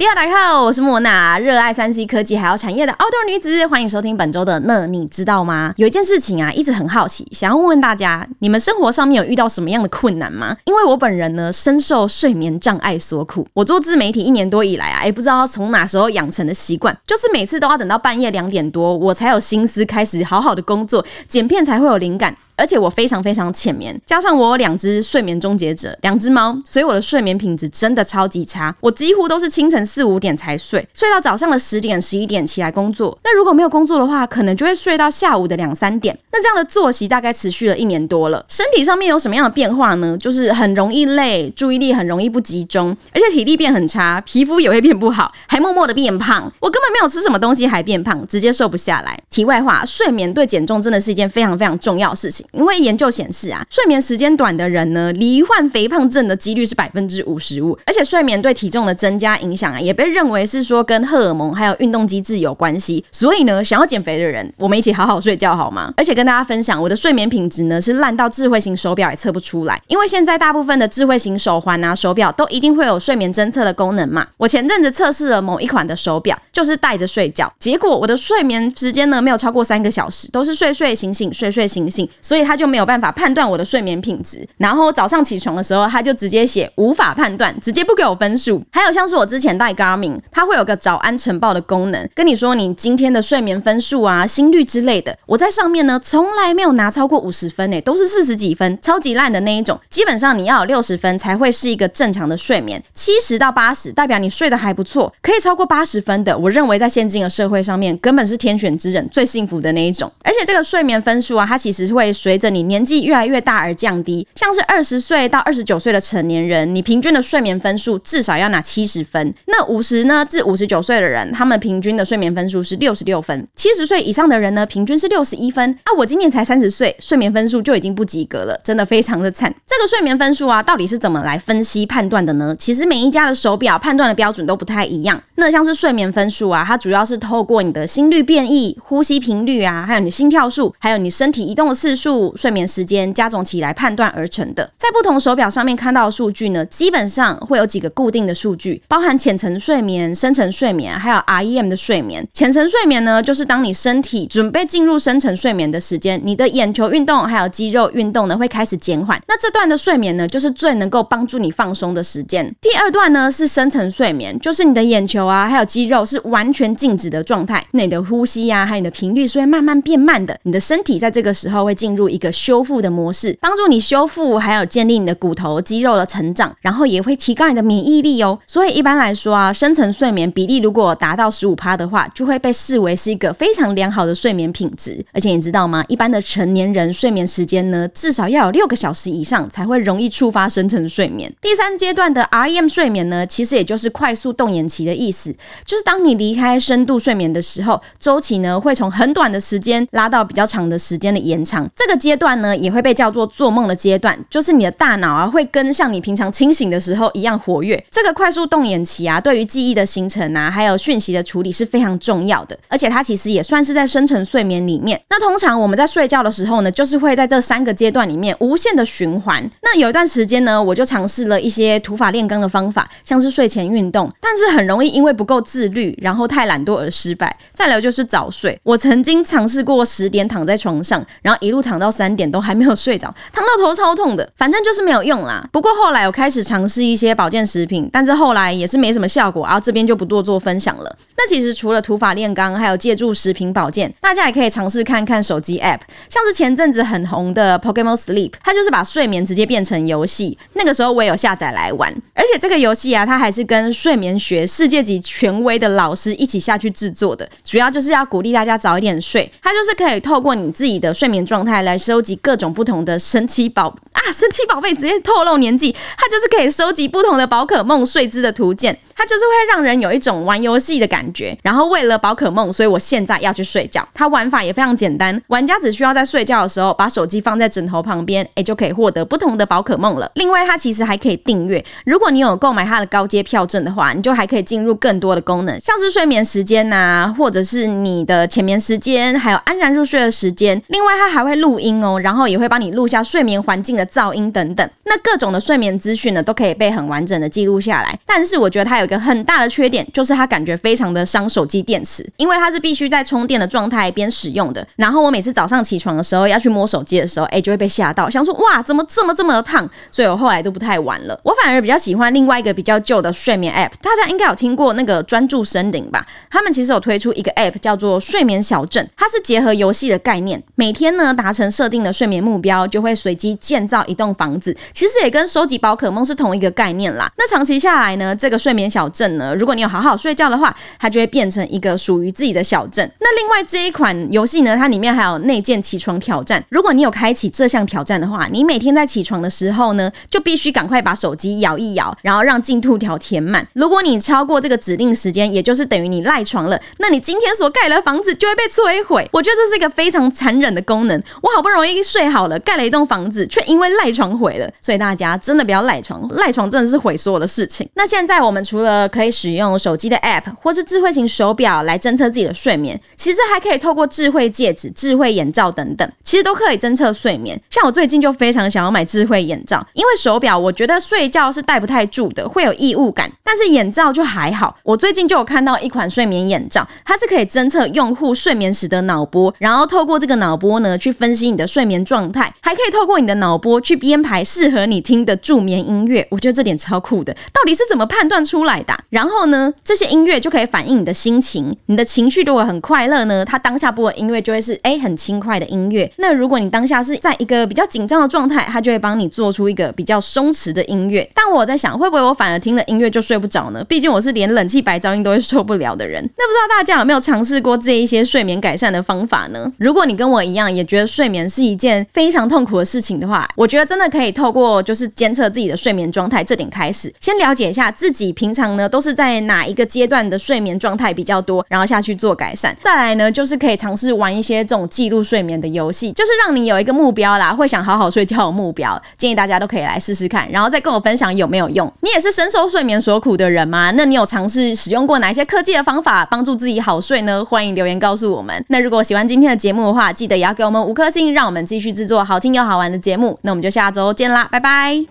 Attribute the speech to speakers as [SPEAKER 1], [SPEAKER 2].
[SPEAKER 1] 你好，大家好，我是莫娜，熱愛三 C 科技還有產業的 outdoor 女子，歡迎收聽本周的那你知道嗎？有一件事情啊，一直很好奇，想要問問大家，你們生活上面有遇到什麼樣的困難嗎？因為我本人呢，深受睡眠障礙所苦。我做自媒體一年多以來啊，也不知道從哪時候養成的習慣，就是每次都要等到半夜兩點多，我才有心思開始好好的工作，剪片才會有靈感。而且我非常非常淺眠，加上我有兩隻睡眠終結者，兩隻貓，所以我的睡眠品質真的超級差。我幾乎都是清晨四五點才睡，睡到早上的十點十一點起來工作。那如果沒有工作的話，可能就會睡到下午的兩三點。那這樣的作息大概持續了一年多了。身體上面有什麼樣的變化呢？就是很容易累，注意力很容易不集中，而且體力變很差，皮膚也會變不好，還默默的變胖。我根本沒有吃什麼東西，還變胖，直接瘦不下來。題外話，睡眠對減重真的是一件非常非常重要的事情。因為研究顯示啊，睡眠時間短的人呢，罹患肥胖症的幾率是百分之五十五，而且睡眠對體重的增加影響啊，也被認為是說跟荷爾蒙還有運動機制有關係。所以呢，想要減肥的人，我們一起好好睡覺好嗎？而且跟大家分享我的睡眠品質呢，是爛到智慧型手錶也測不出來。因為現在大部分的智慧型手環啊、手錶都一定會有睡眠偵測的功能嘛。我前陣子測試了某一款的手錶，就是戴着睡覺，結果我的睡眠時間呢沒有超過三個小時，都是睡睡醒醒，睡睡醒醒，所以。他就沒有辦法判斷我的睡眠品質，然後早上起床的時候，他就直接寫無法判斷，直接不給我分數。還有像是我之前戴 Garmin，它會有個早安晨報的功能，跟你說你今天的睡眠分數啊、心率之類的。我在上面呢，從來沒有拿超過五十分呢、欸，都是四十幾分，超級爛的那一種。基本上你要有六十分才會是一個正常的睡眠，七十到八十代表你睡得還不錯，可以超過八十分的。我認為在現今的社會上面，根本是天選之人，最幸福的那一種。而且這個睡眠分數啊，它其實是會隨隨着你年紀越來越大而降低，像是二十歲到二十九歲的成年人，你平均的睡眠分數至少要拿七十分。那五十呢至五十九歲的人，他們平均的睡眠分數是六十六分。七十歲以上的人呢，平均是六十一分。啊，我今年才三十歲，睡眠分數就已經不及格了，真的非常的慘。這個睡眠分數啊，到底是怎麼來分析判斷的呢？其實每一家的手錶判斷的標準都不太一樣。那像是睡眠分數啊，它主要是透過你的心率變異、呼吸頻率啊，還有你的心跳數，還有你身體移動的次數。度睡眠時間加總起來判斷而成的，在不同手表上面看到的數據呢，基本上會有幾個固定的數據，包含淺層睡眠、深層睡眠，還有 REM 的睡眠。淺層睡眠呢，就是當你身體準備進入深層睡眠的時間，你的眼球運動還有肌肉運動呢會開始減緩。那這段的睡眠呢，就是最能夠幫助你放鬆的時間。第二段呢是深層睡眠，就是你的眼球啊還有肌肉是完全靜止的狀態，那你的呼吸呀，、啊、還有你的頻率是會慢慢變慢的，你的身體在這個時候會進入。入一個修復的模式，幫助你修復，還有建立你的骨頭、肌肉的成長，然後也會提高你的免疫力哦。所以一般來說啊，深層睡眠比例如果達到十五趴的話，就會被視為是一個非常良好的睡眠品質。而且你知道嗎？一般的成年人睡眠時間呢，至少要有六個小時以上才會容易觸發深層睡眠。第三階段的 REM 睡眠呢，其實也就是快速動眼期的意思，就是當你離開深度睡眠的時候，周期呢會從很短的時間拉到比較長的時間的延長。這這個階段呢，也會被叫做做夢的階段，就是你的大腦啊，會跟像你平常清醒的時候一樣活躍。這個快速動眼期啊，對於記憶的形成啊，還有訊息的處理是非常重要的。而且它其實也算是在深層睡眠裡面。那通常我們在睡覺的時候呢，就是會在這三個階段裡面無限的循環。那有一段時間呢，我就嘗試了一些土法煉鋼的方法，像是睡前運動，但是很容易因為不夠自律，然後太懶惰而失敗。再來就是早睡，我曾經嘗試過十點躺在床上，然後一路躺。到三點都還沒有睡着，躺到頭超痛的，反正就是沒有用啦。不過後來我開始嘗試一些保健食品，但是後來也是沒什麼效果，然後這邊就不多做分享了。那其實除了土法煉鋼，還有借助食品保健，大家也可以嘗試看看手機 App，像是前陣子很紅的 Pokemon Sleep，它就是把睡眠直接變成遊戲。那個時候我也有下載來玩。而且這個遊戲啊，它還是跟睡眠學世界級權威的老師一起下去製作的，主要就是要鼓勵大家早一點睡。它就是可以透過你自己的睡眠狀態來收集各種不同的神奇寶啊，神奇寶貝，直接透露年紀。它就是可以收集不同的寶可夢睡姿的圖鑑，它就是會讓人有一種玩遊戲的感覺。然後為了寶可夢，所以我現在要去睡覺。它玩法也非常簡單，玩家只需要在睡覺的時候把手機放在枕頭旁邊，誒、欸，就可以獲得不同的寶可夢了。另外，它其實還可以訂閱，如果如果你有購買它的高階票證的話，你就還可以進入更多的功能，像是睡眠時間吶、啊，或者是你的淺眠時間，還有安然入睡的時間。另外，它還會錄音哦，然後也會幫你錄下睡眠環境的噪音等等。那各種的睡眠資訊呢，都可以被很完整的記錄下來。但是，我覺得它有一個很大的缺點，就是它感覺非常的傷手機電池，因為它是必須在充電的狀態邊使用的。然後，我每次早上起床的時候要去摸手機的時候，哎、欸，就會被嚇到，想說哇，怎麼這麼這麼的燙？所以我後來都不太玩了。我反而比較喜歡。換另外一個比較舊的睡眠 App，大家應該有聽過那個專注森林吧？他們其實有推出一個 App 叫做睡眠小鎮，它是結合遊戲的概念，每天呢達成設定的睡眠目標，就會隨機建造一棟房子。其實也跟收集寶可夢是同一個概念啦。那長期下來呢，這個睡眠小鎮呢，如果你有好好睡覺的話，它就會變成一個屬於自己的小鎮。那另外這一款遊戲呢，它裡面還有內建起床挑戰，如果你有開啟這項挑戰的話，你每天在起床的時候呢，就必須趕快把手機搖一搖。然後讓進度條填滿。如果你超過這個指定時間，也就是等於你賴床了，那你今天所蓋的房子就會被摧毀。我覺得這是一個非常殘忍的功能。我好不容易睡好了，蓋了一棟房子，卻因為賴床毀了。所以大家真的不要賴床，賴床真的是毀所有的事情。那現在我們除了可以使用手機的 App 或是智慧型手錶來偵測自己的睡眠，其實還可以透過智慧戒指、智慧眼罩等等，其實都可以偵測睡眠。像我最近就非常想要買智慧眼罩，因為手錶我覺得睡覺是戴不太住的會有異物感，但是眼罩就還好。我最近就有看到一款睡眠眼罩，它是可以偵測用戶睡眠時的腦波，然後透過這個腦波呢，去分析你的睡眠狀態，還可以透過你的腦波去編排適合你聽的助眠音樂。我覺得這點超酷的，到底是怎麼判斷出來的啊？然後呢，這些音樂就可以反映你的心情，你的情緒如果很快樂呢，它當下播的音樂就會是誒，很輕快的音樂。那如果你當下是在一個比較緊張的狀態，它就會幫你做出一個比較鬆弛的音樂。但我在想會不會我反而聽了音樂就睡不着呢？畢竟我是連冷氣白噪音都會受不了的人。那不知道大家有沒有嘗試過這一些睡眠改善的方法呢？如果你跟我一樣也覺得睡眠是一件非常痛苦的事情的話，我覺得真的可以透過就是監測自己的睡眠狀態這點開始，先了解一下自己平常呢都是在哪一個階段的睡眠狀態比較多，然後下去做改善。再來呢，就是可以嘗試玩一些這種記錄睡眠的遊戲，就是讓你有一個目標啦，會想好好睡覺的目標。建議大家都可以來試試看，然後再跟我分享有沒有。用你也是深受睡眠所苦的人嗎？那你有嘗試使用過哪一些科技的方法幫助自己好睡呢？歡迎留言告訴我們。那如果喜歡今天的節目的話，記得也要給我們五顆星，讓我們繼續制作好聽又好玩的節目。那我們就下周見啦，拜拜。